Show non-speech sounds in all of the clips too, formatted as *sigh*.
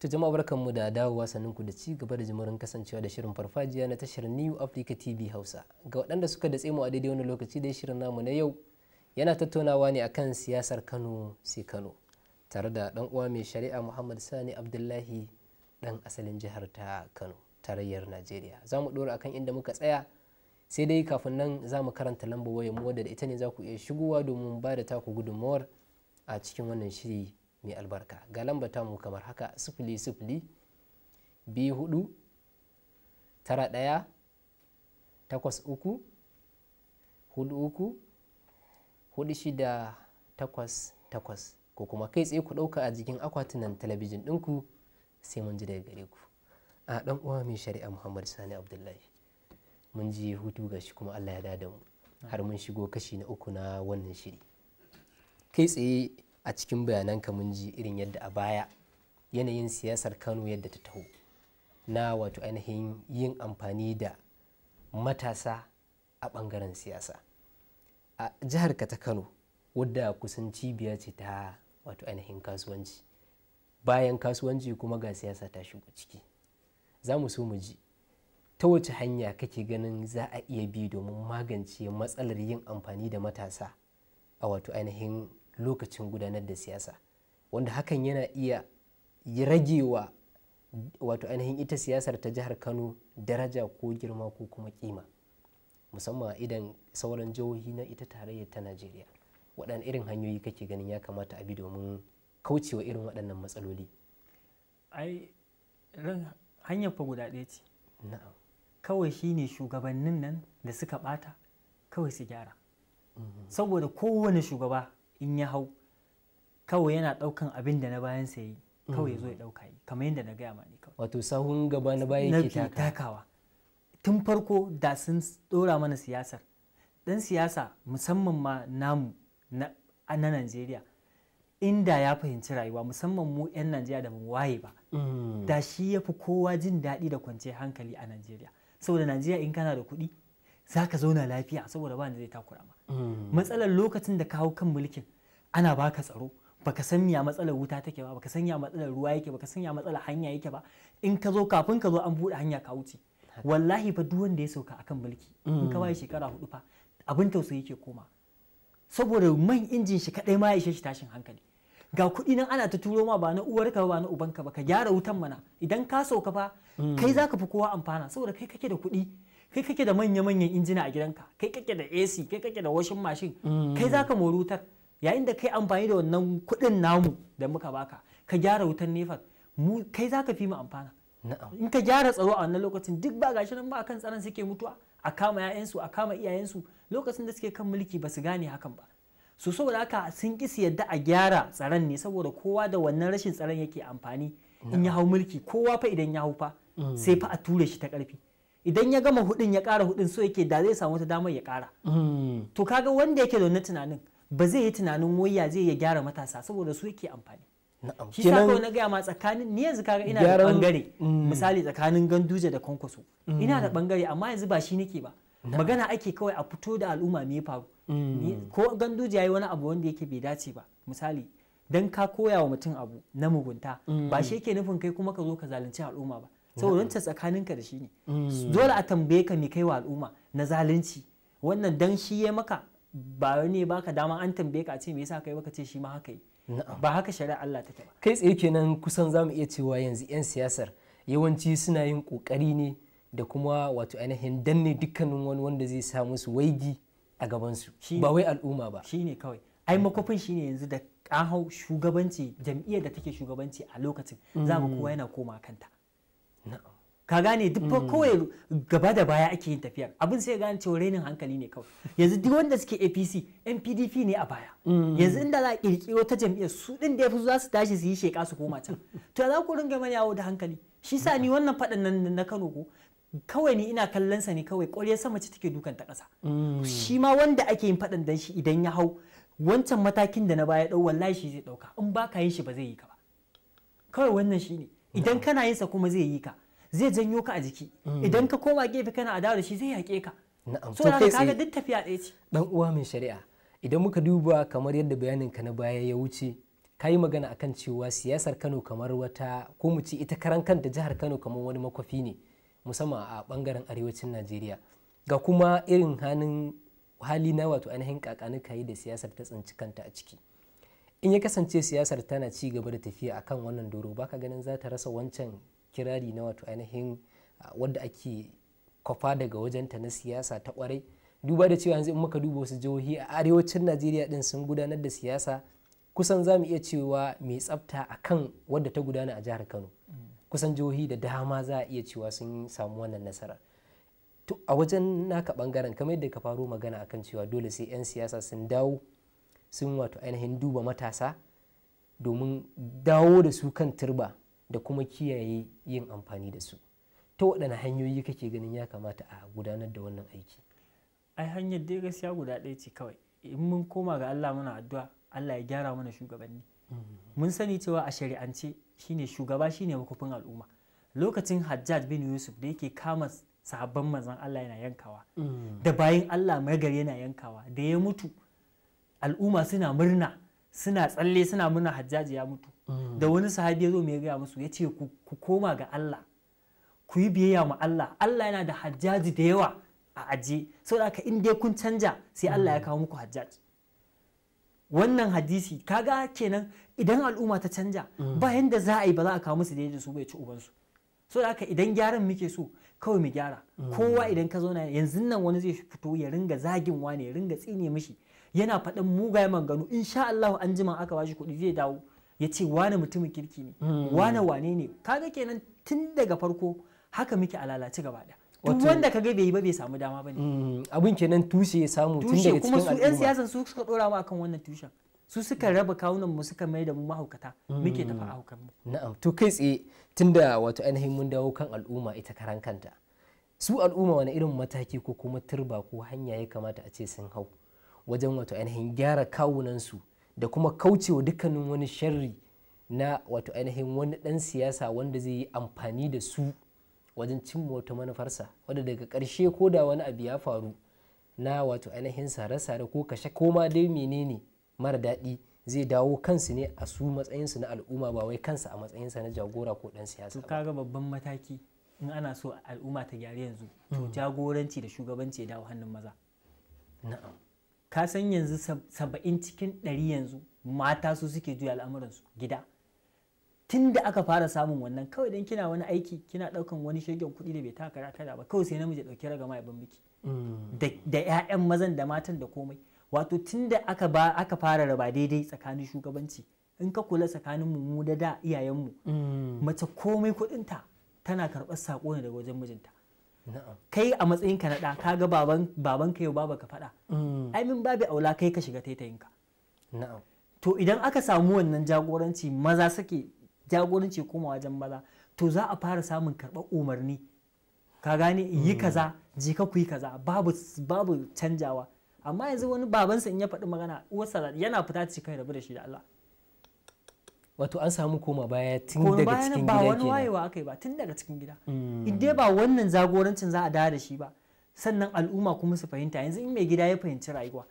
ta jama'a mu da dawowa sannan ku da ci gaba da jimurin kasancewa da shirin farfajiya na tashar new africa tv hausa ga waɗanda suka datse mu a daidai wani lokaci dai shirin namu na yau yana tattaunawa ne akan siyasar kano sai kano tare da dan uwa mai shari'a muhammad sani abdullahi dan asalin jihar ta kano tarayyar najeriya za mu ɗora akan inda muka tsaya sai dai kafin nan za mu karanta lambar wayar mu wadda da ita ne za ku iya shigowa domin ba da taku gudunmawar a cikin wannan shiri mai albarka ga lamba ta mu kamar haka sifili sifili biyu hudu tara ɗaya takwas uku hudu uku hudu shida takwas takwas ko kuma kai tsaye ku ɗauka a jikin akwatunan talabijin ɗinku sai mun ji daga gare ku a ɗan uwa mai shari'a muhammad sani abdullahi mun ji hutu ga shi kuma Allah ya dada mu har mun shigo kashi na uku na wannan shiri kai tsaye a cikin bayananka mun ji irin yadda a baya yanayin siyasar Kano yadda ta taho na wato ainihin yin amfani da matasa a bangaren siyasa a jihar ka ta Kano wadda kusan cibiya ce ta wato ainihin kasuwanci bayan kasuwanci kuma ga siyasa ta shigo ciki za mu so mu ji ta wace hanya kake ganin za a iya bi domin magance matsalar yin amfani da matasa a wato ainihin lokacin gudanar da siyasa wanda hakan yana iya ragewa wato ainihin ita siyasar ta jihar kano daraja ko girma ko kuma kima musamman idan sauran jihohi na ita tarayyar ta najeriya waɗanne irin hanyoyi kake ganin ya kamata a bi domin kaucewa irin waɗannan matsaloli ai hanyar fa guda ɗaya ce na'am kawai shi ne shugabannin nan da suka bata kawai su gyara saboda kowane shugaba in ya hau kawai yana daukan abin da na bayan sa yi kawai zo ya dauka yi kamar yadda na gaya mani kawai wato sahun gaba na bayan ke takawa tun farko da sun dora mana siyasar dan siyasa musamman ma namu na Najeriya inda ya fahimci rayuwa musamman mu 'yan Najeriya da mu waye ba mm. da shi ya fi kowa jin daɗi da kwanciyar hankali a Najeriya saboda najeriya in kana da kuɗi za ka zauna lafiya saboda ba zai takura ma mm. matsalar lokacin da kawo kan mulkin ana baka tsaro baka san ya matsalar wuta take ba baka san ya matsalar ruwa yake baka san ya matsalar hanya yake ba in ka zo kafin ka zo an buɗe hanya ka wuce wallahi fa duk wanda ya sauka akan mulki in ka bai shekara hudu fa abin tausayi yake koma saboda man injin shi kadai ma ya ishe shi tashin hankali ga kuɗi nan ana ta turo ma ba na uwarka ba na ubanka ba ka gyara wutan mana idan ka sauka fa hmm. kai zaka fi kowa amfana saboda kai kake da kuɗi kai kake da manya-manyan injina a gidanka kai kake da AC kai kake da washin mashin hmm. kai zaka mori wutar yayin da kai amfani da wannan kuɗin namu da muka baka ka gyara wutan nefa mu kai zaka fi mu amfana in ka gyara tsaro a wannan lokacin duk ba gashi nan ba akan tsaron suke mutuwa a kama 'ya'yansu a kama iyayensu lokacin da suke kan mulki ba su gane hakan ba su saboda haka sun ƙi su yadda a gyara tsaron ne saboda kowa da wannan rashin tsaron yake amfani in ya hau mulki kowa fa idan ya hau fa sai fa a ture shi ta ƙarfi idan ya gama hudin ya ƙara hudin so yake da zai samu wata damar ya ƙara to kaga wanda yake da wannan tunanin ba zai yi tunanin waya zai ya gyara matasa saboda su yake amfani shi sa kawai na gaya ma tsakanin ni yanzu kaga ina da bangare mm. misali tsakanin ganduje da kwankwaso ina da bangare mm. amma yanzu ba shi nake ba magana ake kawai a fito da al'umma me ya faru mm. ko ganduji yayi wani abu wanda yake bai dace ba misali dan ka koya wa mutum abu na mugunta mm. ba shi yake nufin kai kuma ka zo ka zalunci al'umma ba saboda tsakanin ka da shi ne mm. dole a tambaye ka me kai wa al'umma na zalunci wannan dan shi ya maka ba ne baka dama an tambaye ka a ce me yasa kai baka ce shi ma haka yi ba haka shari'a Allah take ba kai tsaye kenan kusan zamu iya cewa yanzu yan siyasar yawanci suna yin kokari ne da kuma wato ainihin danne dukkanin wani wanda zai sa musu waigi a gabansu ba wai al'umma ba Shi ne kawai ai makwafin ne yanzu da kahau shugabanci jam'iyyar da take shugabanci a lokacin mm. za mu kowa yana koma kanta ka gane duk fa mm. kawai gaba da baya ake yin tafiyar abin sai gane cewa rainin hankali ne kawai yanzu duk wanda suke APC NPDP ne a baya mm. yanzu inda za a kirkiro ta jam'iyyar su din da yafi za su tashi su yi sheka su koma can to za ku ringa mani yawo da hankali shi sa ni wannan faɗan nan na Kano ko kawai ni ina kallon sa ne kawai ƙwarya sama ce take dukan ta ƙasa mm. shi ma wanda ake yin faɗan dan shi idan ya hau wancan matakin da na baya ɗau wallahi shi zai ɗauka in ba ka yin shi ba zai yi ka ba kawai wannan shi ne idan mm. kana yin sa kuma zai yi ka zai janyo ka a jiki mm. idan ka koma gefe kana adawa da shi zai yaƙe ka so da kaga duk tafiya ɗaya ce dan uwa mai shari'a idan muka duba kamar yadda bayanin ka na baya ya wuce ka yi magana akan cewa siyasar Kano kamar wata ko mu ce ita karan kanta jihar Kano kamar wani makwafi ne musamman a bangaren arewacin najeriya ga kuma irin hannun hali na wato ainihin kakanuka yi da siyasar ta tsinci kanta a ciki in ya kasance siyasar tana ci gaba da tafiya akan wannan doro baka ganin za ta rasa wancan kirari na wato ainihin wadda ake kwafa daga wajenta na siyasa ta kwarai duba da cewa yanzu in muka duba wasu jihohi a arewacin najeriya din sun gudanar da siyasa kusan za mu iya cewa mai tsafta akan wadda ta gudana a jihar kano kusan jihohi da dama za a iya cewa sun samu wannan nasara to a wajen naka bangaren kamar yadda ka faro magana akan cewa dole sai 'yan siyasa sun dawo sun wato ainihin duba matasa domin dawo da su kan turba da kuma kiyaye yin amfani da su ta waɗanne hanyoyi kake ganin ya kamata a gudanar da wannan aiki ai hanyar dai gaskiya guda ɗaya ce kawai in mun koma ga Allah muna addu'a Allah ya gyara mana shugabanni mm. mun sani cewa a shari'ance shine shugaba shine makofin al'umma lokacin hajjaj bin yusuf da yake kama sabon manzon Allah yana yankawa mm. da bayan Allah magar yana yankawa da ya mutu al'umma suna murna suna tsalle suna murna hajjaji ya mutu mm. da wani sahabi ya zo mai gaya musu ya ce ku koma ga Allah ku yi biyayya ma Allah Allah yana da hajjaji da yawa a aje saboda haka in dai kun canja sai Allah ya mm. kawo muku hajjaji wannan hadisi kaga kenan idan al'umma ta canja ba mm. yanda za a yi ba za a kawo musu da su bai ci ubansu so da haka idan gyaran muke so kawai mu gyara mm. kowa idan ka zauna yanzu nan wani zai fito ya ringa zagin wane ya ringa tsine mishi yana faɗin mugaye manganu insha Allah an jima aka bashi kuɗi zai dawo ya ce wane mutumin kirki ne mm. wane wane ne kaga kenan tun daga farko haka muke a lalace gaba ɗaya duk wanda ka ga bai ba bai samu dama ba ne mm, abin kenan tushe ya samu tun daga cikin al'umma kuma su yan siyasan su suka dora mu akan wannan tushen su suka mm. raba kawunan mu suka mai da mu mahaukata muke tafa a hukan mu na'am to kai tsaye tunda wato ainihin mun dawo kan al'umma ita karan kanta su al'umma wani irin mataki ko kuma turba ko hanya ya kamata a ce sun hau wajen wato ainihin gyara kawunan su da kuma kaucewa dukkanin wani sharri na wato ainihin wani dan siyasa wanda zai yi amfani da su wajen cimma wata manufarsa wadda daga karshe ko da wani abu ya faru na wato ainihin sare-sare ko kashe ko ma dai menene mara daɗi zai dawo kansu ne a su matsayinsu na al'umma ba wai kansa a matsayinsa na jagora ko ɗan siyasa. ba. kaga babban mataki in ana so al'umma ta gyara yanzu to hmm. jagoranci da shugabanci ya dawo hannun maza. Na'am. Ka san yanzu saba'in cikin ɗari yanzu mata su suke juya al'amuransu gida. tun da aka fara samun wannan kawai dan kina wani aiki kina daukan wani shagen kuɗi da bai taka rata ba kawai sai namiji dauki ragama ya miki mm. da ƴaƴan mazan da matan da komai wato tun da aka ba aka fara raba daidai tsakanin shugabanci in ka kula tsakanin mu da da iyayen mu mm. mace komai ta tana karɓar sako ne daga wajen mijinta kai a matsayin ka na da ka ga baban ka yau baba ka faɗa mm. ai min babu aula kai ka shiga taitayinka to idan aka samu wannan jagoranci maza suke jagoranci kuma wajen maza to za a fara samun karɓar umarni ka gane yi hmm. kaza je ka yi kaza babu babu canjawa amma yanzu wani babansa in ya faɗi magana uwarsa yana fita ci kai rabu da shi da Allah wato an samu koma baya tun daga cikin gida ba wani wayewa akai ba tun daga cikin gida hmm. in dai ba wannan jagorancin za a dawo da shi ba sannan al'umma kuma su fahimta yanzu in mai gida ya fahimci rayuwa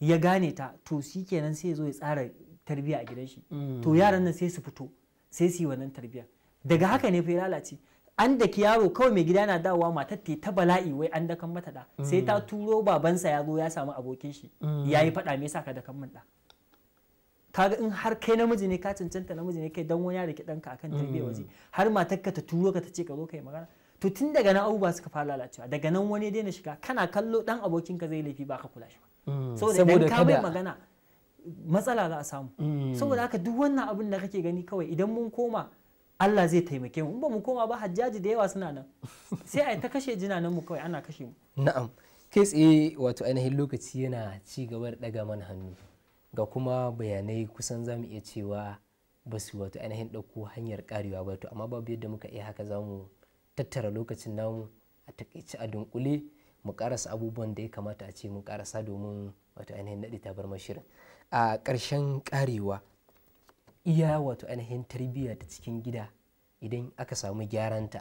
ya gane ta to shikenan sai ya zo ya tsara tarbiyya a gidan shi hmm. to yaran nan sai su fito sai su yi wannan tarbiyya daga haka ne fa lalace an da yaro kawai mai gida yana dawowa matar ta ta bala'i wai an dakan mata da mm. sai ta turo babansa ya zo ya samu abokin shi mm. ya yi faɗa me sa ka dakan mun da kaga in har kai namiji ne ka cancanta namiji ne kai dan wani ya rike danka akan tarbiyya mm. waje har ka ta turo ka ta ce ka zo kai magana to tun daga nan abubuwa suka fara lalacewa daga nan wani daina shiga kana kallo dan ka zai laifi ba ka kula shi saboda idan ka bai magana matsala za a samu mm. saboda haka duk wannan abin da kake gani kawai idan mun koma Allah zai taimake mu in ba mu koma ba hajjaji da yawa suna nan *laughs* sai a ta kashe jinanan mu kawai ana kashe mu na'am kai tsaye wato ainihin lokaci yana ci gaba da daga mana hannu ga kuma bayanai kusan zamu iya cewa ba su wato ainihin ɗauko hanyar karewa ba to amma babu yadda muka iya haka zamu tattara lokacin namu a takaici a dunkule mu karasa abubuwan da ya kamata a ce mu karasa domin wato ainihin naɗi tabar shirin. a ƙarshen ƙarewa iya wato ainihin tarbiyya ta cikin gida idan aka samu gyaranta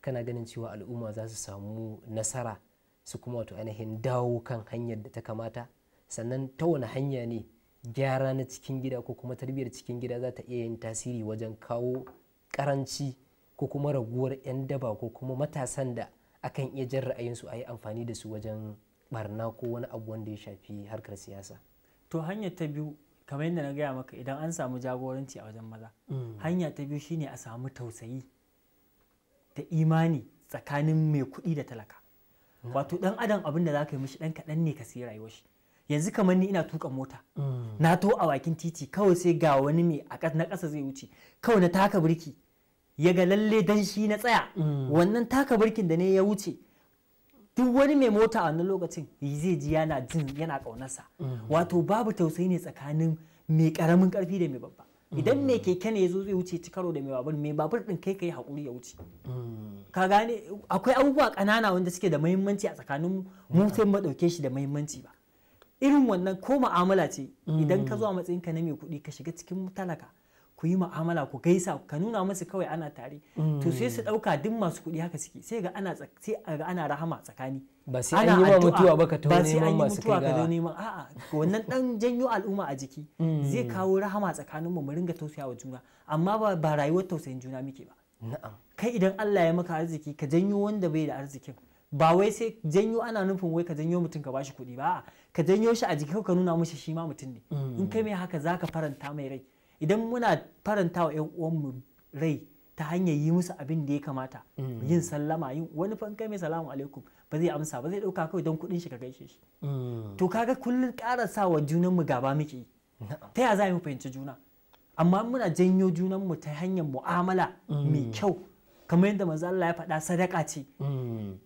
kana ganin cewa al'umma za su samu nasara su kuma wato ainihin dawo kan hanyar da ta kamata sannan ta wani hanya ne gyara na cikin gida ko kuma tarbiyyar cikin gida za ta iya yin tasiri wajen kawo karanci ko kuma raguwar 'yan daba ko kuma matasan da akan iya jan ra'ayinsu a yi amfani da su wajen barna ko wani abu wanda ya shafi harkar siyasa to hanya ta biyu kamar yadda na gaya maka idan an samu jagoranci a wajen maza mm. hanya ta biyu shine a samu tausayi da imani tsakanin mai kuɗi da talaka mm. wato dan adam abin da za ka yi mishi dan kaɗan ne ka siya rayuwar shi yanzu kamar ni ina tuka mota mm. na to a bakin titi kawai sai ga wani mai a na ƙasa zai wuce kawai na taka birki ya ga lalle dan shi na tsaya wannan taka birkin da ne ya wuce duk wani mai mota a wani lokacin zai ji yana jin yana ƙaunarsa mm. wato babu tausayi ne tsakanin mai ƙaramin ƙarfi da mai babba idan mai mm. keke ne zo zai wuce ci karo da mai babur mai babur din kai kai hakuri ya wuce mm. ka gane akwai abubuwa ƙanana wanda suke da muhimmanci a tsakanin mu sai mu ɗauke shi da muhimmanci ba irin wannan ko mu'amala ce idan ka zo a matsayin ka na mai kuɗi ka shiga cikin talaka ku yi mu'amala ku gaisa ka nuna musu kawai ana tare to mm. sai su dauka duk masu kuɗi haka suke sai ga ana sai ga ana rahama tsakani ba sai an yi mutuwa ba ka tauna neman masu kai ga neman a'a wannan dan janyo al'umma a jiki mm. zai kawo rahama tsakanin mu mu ringa tausayawa juna amma ba ba rayuwar tausayin juna muke ba na'am kai idan Allah ya maka arziki ka janyo wanda bai da arzikin ba wai sai janyo ana nufin wai ka janyo mutum ka bashi kuɗi ba ka janyo shi a jiki ka nuna mishi shi ma mutum ne mm. in kai mai haka zaka faranta mai rai idan muna faranta wa 'yan uwanmu rai ta hanyar yi musu abin da ya kamata mm. yin sallama yin wani fanka mai salamu alaikum ba zai amsa ba zai dauka kawai don kudin shi ka gaishe shi mm. to kaga kullun karasa wa junan mu gaba muke ta ya za mu fahimci juna amma muna janyo junan mu ta hanyar mu'amala mai mm. kyau kamar yadda manzo Allah ya faɗa sadaka ce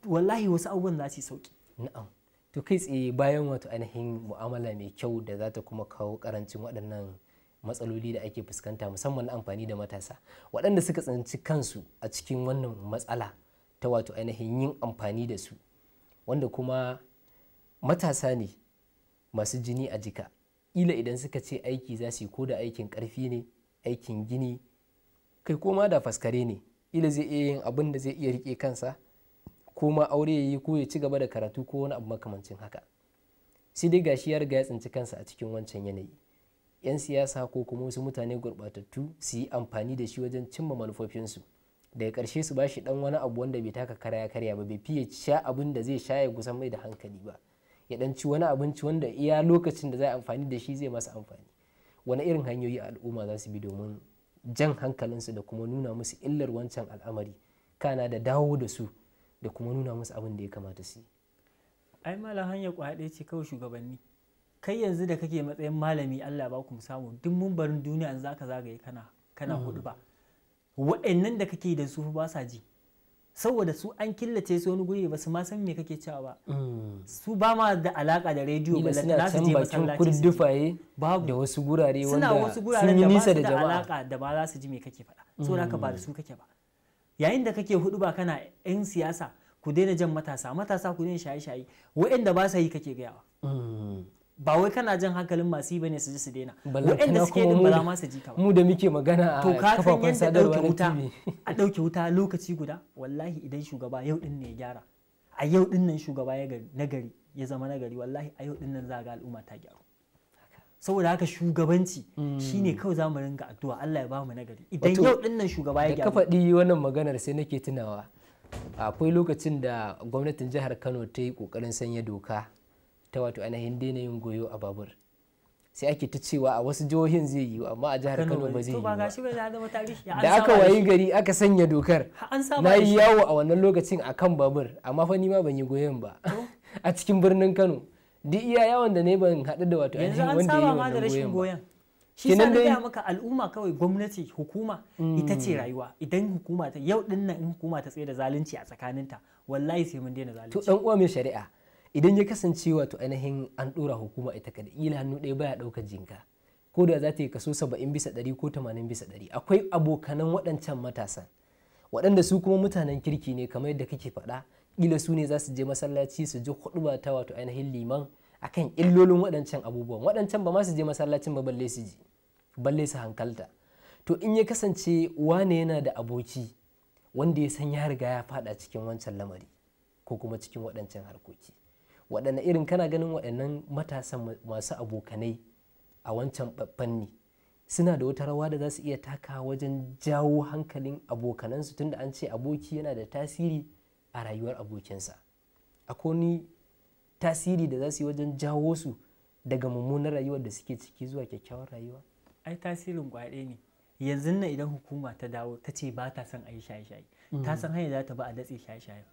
wallahi wasu abubuwan za su sauki na'am to kai tsaye bayan wato ainihin mu'amala mai kyau da za ta kuma kawo karancin waɗannan matsaloli da ake fuskanta musamman na amfani da matasa waɗanda suka tsinci kansu a cikin wannan matsala ta wato ainihin yin amfani da su wanda kuma matasa ne masu jini a jika ila idan suka ce aiki za su yi ko da aikin ƙarfi ne aikin gini kai koma da faskare ne ila zai iya yin abin da zai iya rike kansa ko ma aure ya yi ko ya ci gaba da karatu ko wani abu makamancin haka sai dai gashi ya riga ya tsinci kansa a cikin wancan yanayi 'yan siyasa ko kuma wasu mutane gurɓatattu su yi amfani da shi wajen cimma manufofinsu daga ƙarshe su ba shi ɗan wani abu wanda bai taka kara ya karya ba bai fiye sha abin da zai sha ya kusan mai da hankali ba ya ɗan ci wani abinci wanda iya lokacin da za a amfani da shi zai masa amfani wani irin hanyoyi a al'umma za su bi domin jan hankalinsu da kuma nuna musu illar wancan al'amari kana da dawo da su da kuma nuna musu abin da ya kamata su yi ai mala hanya kwaɗe ce kawai shugabanni kai yanzu da kake matsayin malami Allah ba ku samu duk mun barin duniya yanzu zaka zagaye kana kana mm. hudu ba wa'annan da kake da su ba sa ji saboda su an killace su wani guri ba su ma san me kake cewa ba mm. su ba ma da alaka da rediyo ba na su je masallaci kurdufaye babu da wasu gurare wanda suna wasu gurare da ba su da alaka da ba za su ji me kake faɗa so ka ba da mm. su kake ba yayin da kake hudu ba kana yan siyasa ku daina jan matasa matasa ku daina shaye-shaye wa'anda ba sa yi kake gayawa ba wai kana jan hankalin masu yi bane su ji su daina waɗanda suke din ba za ma su ji ka mu da muke magana a kafafen sadarwa na TV a ɗauke wuta lokaci guda wallahi idan shugaba yau din ne ya gyara a yau din nan shugaba ya gari na gari ya zama na gari wallahi a yau din nan za ga al'umma ta gyaru saboda haka shugabanci hmm. shine kawai za mu ringa addu'a Allah ya ba mu nagari idan yau din nan shugaba ya gyara. da ka faɗi wannan maganar sai nake tunawa akwai lokacin da gwamnatin jihar Kano ta yi kokarin sanya doka ta wato ainihin daina yin goyo a babur sai ake ta cewa a wasu jihohin zai yi amma a jihar kano ba zai yi da aka wayi gari aka sanya dokar na yi yawo a wannan lokacin a kan babur amma fa nima ban yi goyon ba *laughs* a cikin birnin kano duk iya yawon da ne ban haɗu da wato ainihin wanda ya yi wannan goyon shi sa gaya maka al'umma kawai gwamnati hukuma ita ce mm. rayuwa idan hukuma ta yau dinnan in hukuma ta tsaye da zalunci a tsakaninta wallahi sai mun daina zalunci to dan uwa mai shari'a idan ya kasance wato ainihin an dora hukuma ita kada ila hannu ɗaya baya ɗaukar jinka ko da za ta yi kaso 70 bisa ɗari ko tamanin bisa ɗari. akwai abokanan waɗancan matasan waɗanda su kuma mutanen kirki ne kamar yadda kake faɗa kila su ne za su je masallaci su ji huɗuba ta wato ainihin liman akan illolin waɗancan abubuwan waɗancan ba ma su je masallacin ba balle su ji balle su hankalta to in ya kasance wane yana da aboki wanda ya san ya riga ya faɗa cikin wancan lamari ko kuma cikin waɗancan harkoki waɗanne irin kana ganin waɗannan matasan masu abokanai a wancan fanni suna da wata rawa da za su iya taka wajen jawo hankalin abokanansu tunda an ce aboki yana da tasiri a rayuwar abokinsa akwai ni tasiri da za su yi wajen jawo su daga mummunar rayuwar da suke ciki zuwa kyakkyawar rayuwa ai tasirin kwaɗe ne yanzu nan idan hukuma ta dawo ta ce ba ta son a yi shaye-shaye ta mm. san hanyar za ta ba a datse shaye shaye.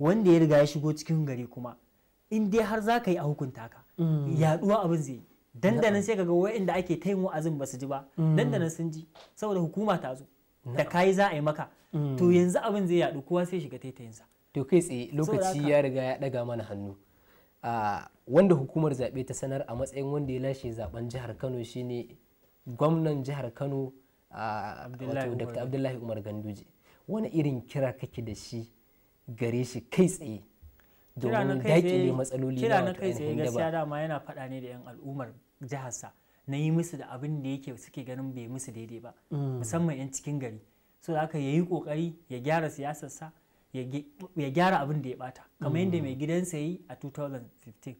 wanda ya riga ya shigo cikin gari kuma in dai har za ka yi a hukunta ka mm. yaduwa abin zai yi dandanan sai kaga wa'inda ake ta yin wa'azin ba su ji ba mm. dandanan sun ji saboda hukuma ta zo da kayi za a yi maka mm. to yanzu abin zai yadu kowa sai shiga taitayinsa to kai tsaye lokaci ya riga ya daga mana hannu ah, wanda hukumar zaɓe ta sanar a matsayin wanda ya lashe zaben jihar kano shine gwamnan jihar kano ah, dr abdullahi umar ganduje wani irin kira kake da shi gare shi kai tsaye domin daƙile matsaloli kira na kai tsaye gaskiya dama yana faɗa ne da 'yan al'ummar jiharsa na yi musu da abin da yake suke ganin bai musu daidai ba mm. musamman 'yan cikin gari so da haka ya yi ƙoƙari ya gyara siyasarsa ya gyara abin da ya bata kamar yadda mm. mai gidansa yi a 2015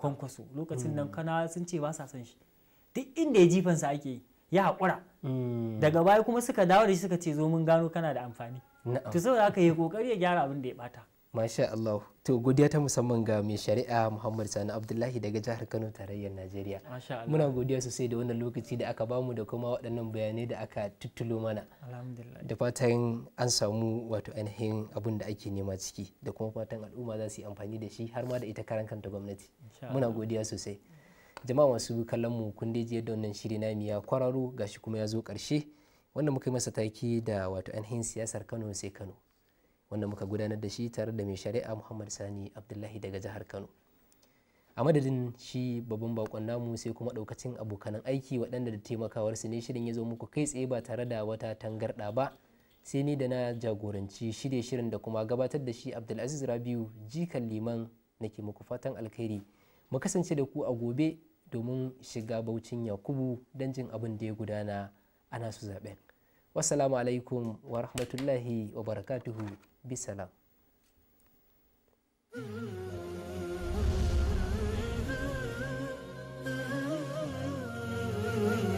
kwankwaso lokacin nan mm. kana sun ce ba sa son shi duk inda ya jifansa ake yi ya haƙura daga baya kuma suka dawo da shi suka ce zo mun gano kana da amfani to saboda haka ya kokari ya gyara abin da ya bata Masha Allah. To godiya ta musamman ga mai shari'a Muhammad Sani Abdullahi daga jihar Kano tarayyar Najeriya. Muna godiya sosai da wannan lokaci da aka bamu da kuma waɗannan bayanai da aka tuttulo mana. Da fatan an samu wato ainihin abin da ake nema ciki da kuma fatan al'umma za su yi amfani da shi har ma da ita karan kanta gwamnati. Muna godiya sosai. Jama'a masu kallon mu kun jiya da wannan shiri na miya kwararo gashi kuma ya zo karshe Wanda muka yi masa taki da wato ainihin siyasar Kano sai Kano. wanda muka gudanar da shi tare da mai shari'a muhammad sani abdullahi daga jihar kano a madadin shi babban bakon namu sai kuma daukacin abokanan aiki waɗanda da taimakawar su ne shirin ya zo muku kai tsaye ba tare da wata tangarɗa ba sai ni da na jagoranci shirye shirin da kuma gabatar da shi abdulaziz rabiu jikan liman nake muku fatan alkhairi mu kasance da ku a gobe domin shiga baucin yakubu don jin abin da ya gudana ana su zaɓen والسلام عليكم ورحمة الله وبركاته بسلام Thank you.